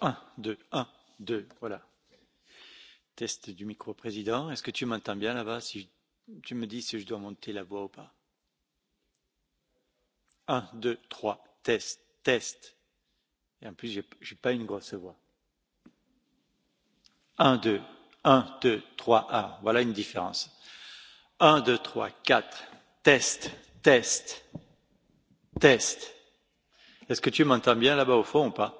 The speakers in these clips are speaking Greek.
1, 2, 1, 2, voilà. Test du micro président. Est-ce que tu m'entends bien là-bas si tu me dis si je dois monter la voix ou pas 1, 2, 3, test, test. Et en plus, je n'ai pas une grosse voix. 1, 2, 1, 2, 3, 1. Voilà une différence. 1, 2, 3, 4. Test, test, test. Est-ce que tu m'entends bien là-bas au fond ou pas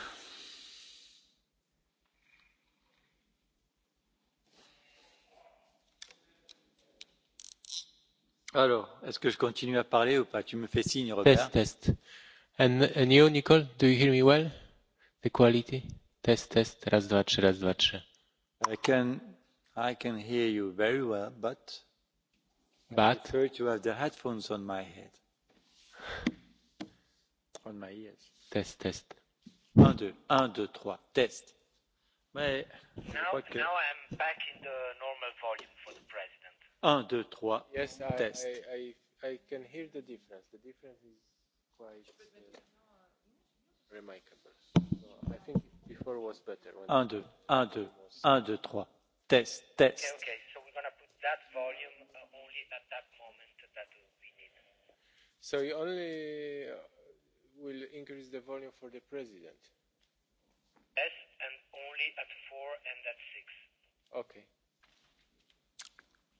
Alors, est-ce que je continue à parler ou pas Tu me fais signe, Robert. Test, test. And, you, Nicole, do you hear me well? The quality? Test, test. Raz, dwa, trzy, raz, dwa, trzy. I can, I can hear you very well, but, but? I prefer to have the headphones on my head. On my ears. Test, test. Un, deux, un, deux, trois, test. now, now I'm back in the normal volume. 1, 2, 3, test. I can hear the difference. The difference is quite remarkable. I think before was better. 1, 2, 1, 2, 1, 2, 3, test, test. Okay, so we're going to put that volume only at that moment that we So you only will increase the volume for the president? Yes, and only at 4 and at 6. Okay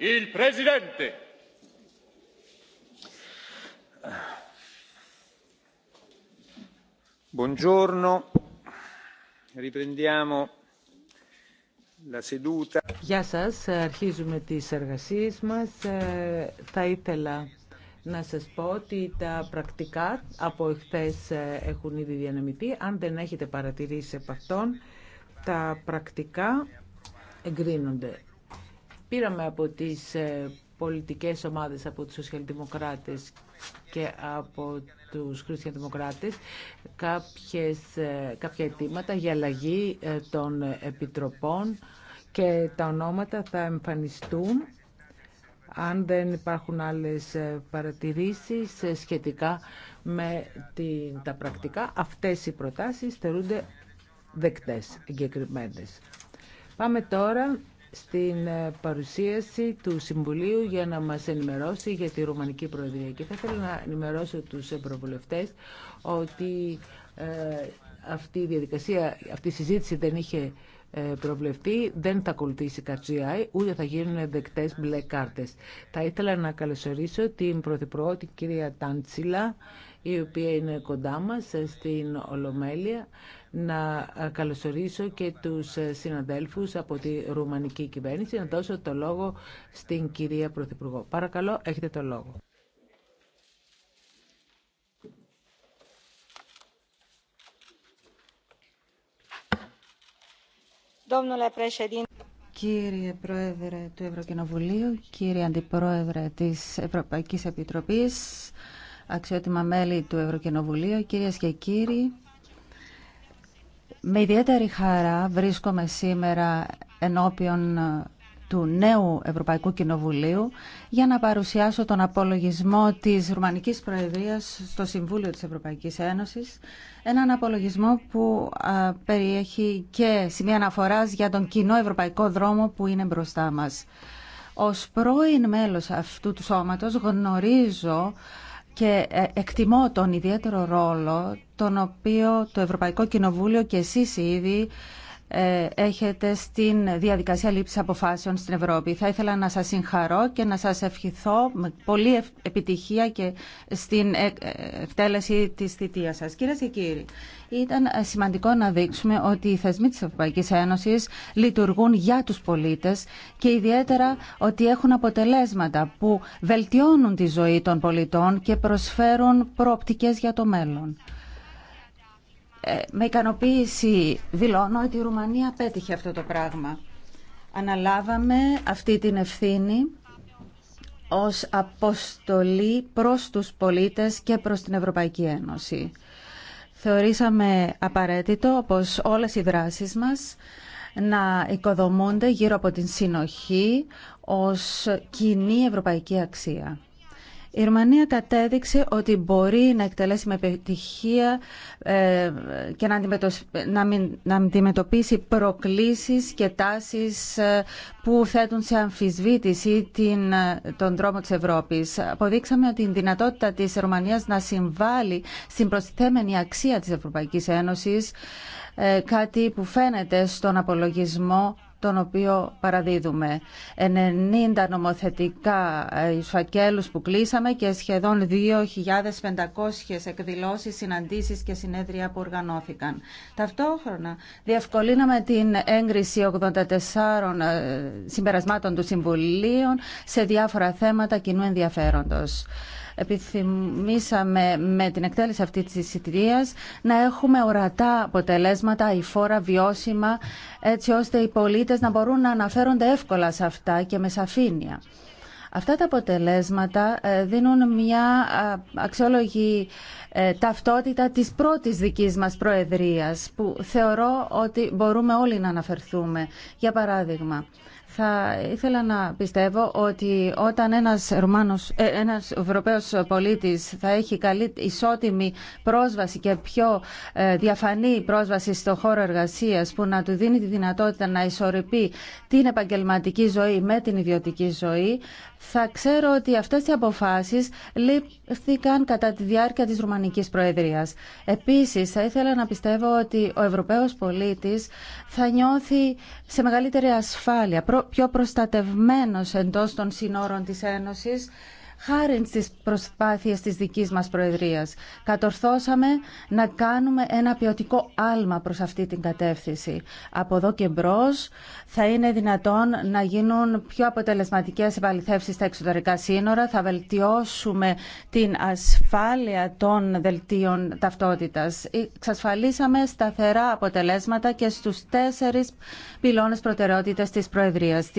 il presidente buongiorno Γεια σας, αρχίζουμε τις εργασίες μας. Ε, θα ήθελα να σας πω ότι τα πρακτικά από εχθές ε, έχουν ήδη διανεμηθεί. Αν δεν έχετε παρατηρήσει από αυτόν, τα πρακτικά εγκρίνονται πήραμε από τις ε, πολιτικές ομάδες, από τους σοσιαλδημοκράτες και από τους χριστιανδημοκράτες κάποιες, ε, κάποια αιτήματα για αλλαγή ε, των επιτροπών και τα ονόματα θα εμφανιστούν αν δεν υπάρχουν άλλες παρατηρήσεις σχετικά με τα πρακτικά. Αυτές οι προτάσεις θεωρούνται δεκτές εγκεκριμένες. Πάμε τώρα στην ε, παρουσίαση του Συμβουλίου για να μας ενημερώσει για τη Ρουμανική Προεδρία. Και θα ήθελα να ενημερώσω τους ευρωβουλευτές ότι ε, αυτή η διαδικασία, αυτή η συζήτηση δεν είχε ε, προβλεφτεί, δεν θα ακολουθήσει κατζιάι, ούτε θα γίνουν δεκτές μπλε κάρτες. Θα ήθελα να καλωσορίσω την Πρωθυπουργό, την κυρία Τάντσιλα, η οποία είναι κοντά μας στην Ολομέλεια να καλωσορίσω και τους συναδέλφους από τη Ρουμανική κυβέρνηση να δώσω το λόγο στην κυρία Πρωθυπουργό. Παρακαλώ, έχετε το λόγο. Κύριε Πρόεδρε του Ευρωκοινοβουλίου, κύριε Αντιπρόεδρε της Ευρωπαϊκής Επιτροπής, αξιότιμα μέλη του Ευρωκοινοβουλίου, κυρίες και κύριοι, με ιδιαίτερη χαρά βρίσκομαι σήμερα ενώπιον ε, του νέου Ευρωπαϊκού Κοινοβουλίου για να παρουσιάσω τον απολογισμό της Ρουμανικής Προεδρίας στο Συμβούλιο της Ευρωπαϊκής Ένωσης. Έναν απολογισμό που περιέχει και σημεία αναφοράς για τον κοινό ευρωπαϊκό δρόμο που είναι μπροστά μας. Ως πρώην μέλος αυτού του σώματος γνωρίζω και ε, εκτιμώ τον ιδιαίτερο ρόλο τον οποίο το Ευρωπαϊκό Κοινοβούλιο και εσείς ήδη ε, έχετε στην διαδικασία λήψης αποφάσεων στην Ευρώπη. Θα ήθελα να σας συγχαρώ και να σας ευχηθώ με πολλή επιτυχία και στην ε, ε, εκτέλεση της θητείας σας. Κυρίε και κύριοι, ήταν σημαντικό να δείξουμε ότι οι θεσμοί της Ευρωπαϊκής Ένωσης λειτουργούν για τους πολίτες και ιδιαίτερα ότι έχουν αποτελέσματα που βελτιώνουν τη ζωή των πολιτών και προσφέρουν προοπτικές για το μέλλον. Ε, με ικανοποίηση δηλώνω ότι η Ρουμανία πέτυχε αυτό το πράγμα. Αναλάβαμε αυτή την ευθύνη ως αποστολή προς τους πολίτες και προς την Ευρωπαϊκή Ένωση. Θεωρήσαμε απαραίτητο, πως όλες οι δράσεις μας, να οικοδομούνται γύρω από την συνοχή ως κοινή ευρωπαϊκή αξία. Η Ρουμανία κατέδειξε ότι μπορεί να εκτελέσει με επιτυχία ε, και να αντιμετωπίσει προκλήσεις και τάσεις ε, που θέτουν σε αμφισβήτηση την, ε, τον δρόμο της Ευρώπης. Αποδείξαμε ότι η δυνατότητα της Ρουμανίας να συμβάλλει στην προσθέμενη αξία της Ευρωπαϊκής Ένωσης κάτι που φαίνεται στον απολογισμό τον οποίο παραδίδουμε. 90 νομοθετικά εισφακέλους που κλείσαμε και σχεδόν 2.500 εκδηλώσεις, συναντήσεις και συνέδρια που οργανώθηκαν. Ταυτόχρονα διευκολύναμε την έγκριση 84 ε, συμπερασμάτων του Συμβουλίων σε διάφορα θέματα κοινού ενδιαφέροντος επιθυμήσαμε με την εκτέλεση αυτή της εισιτηρία να έχουμε ορατά αποτελέσματα, η φορά βιώσιμα, έτσι ώστε οι πολίτες να μπορούν να αναφέρονται εύκολα σε αυτά και με σαφήνεια. Αυτά τα αποτελέσματα ε, δίνουν μια αξιόλογη ε, ταυτότητα της πρώτης δικής μας προεδρίας που θεωρώ ότι μπορούμε όλοι να αναφερθούμε. Για παράδειγμα, θα ήθελα να πιστεύω ότι όταν ένας, Ρουμάνος, ε, ένας Ευρωπαίος πολίτης θα έχει καλή ισότιμη πρόσβαση και πιο ε, διαφανή πρόσβαση στο χώρο εργασίας που να του δίνει τη δυνατότητα να ισορροπεί την επαγγελματική ζωή με την ιδιωτική ζωή, θα ξέρω ότι αυτές οι αποφάσεις λήφθηκαν κατά τη διάρκεια της Ρουμανικής Προεδρίας. Επίσης, θα ήθελα να πιστεύω ότι ο Ευρωπαίος πολίτης θα νιώθει σε μεγαλύτερη ασφάλεια, πιο προστατευμένος εντός των συνόρων της Ένωσης χάρη στις προσπάθειες της δικής μας Προεδρίας. Κατορθώσαμε να κάνουμε ένα ποιοτικό άλμα προς αυτή την κατεύθυνση. Από εδώ και μπρο θα είναι δυνατόν να γίνουν πιο αποτελεσματικές επαληθεύσεις στα εξωτερικά σύνορα, θα βελτιώσουμε την ασφάλεια των δελτίων ταυτότητας. Εξασφαλίσαμε σταθερά αποτελέσματα και στους τέσσερις πυλώνες προτεραιότητες της Προεδρίας.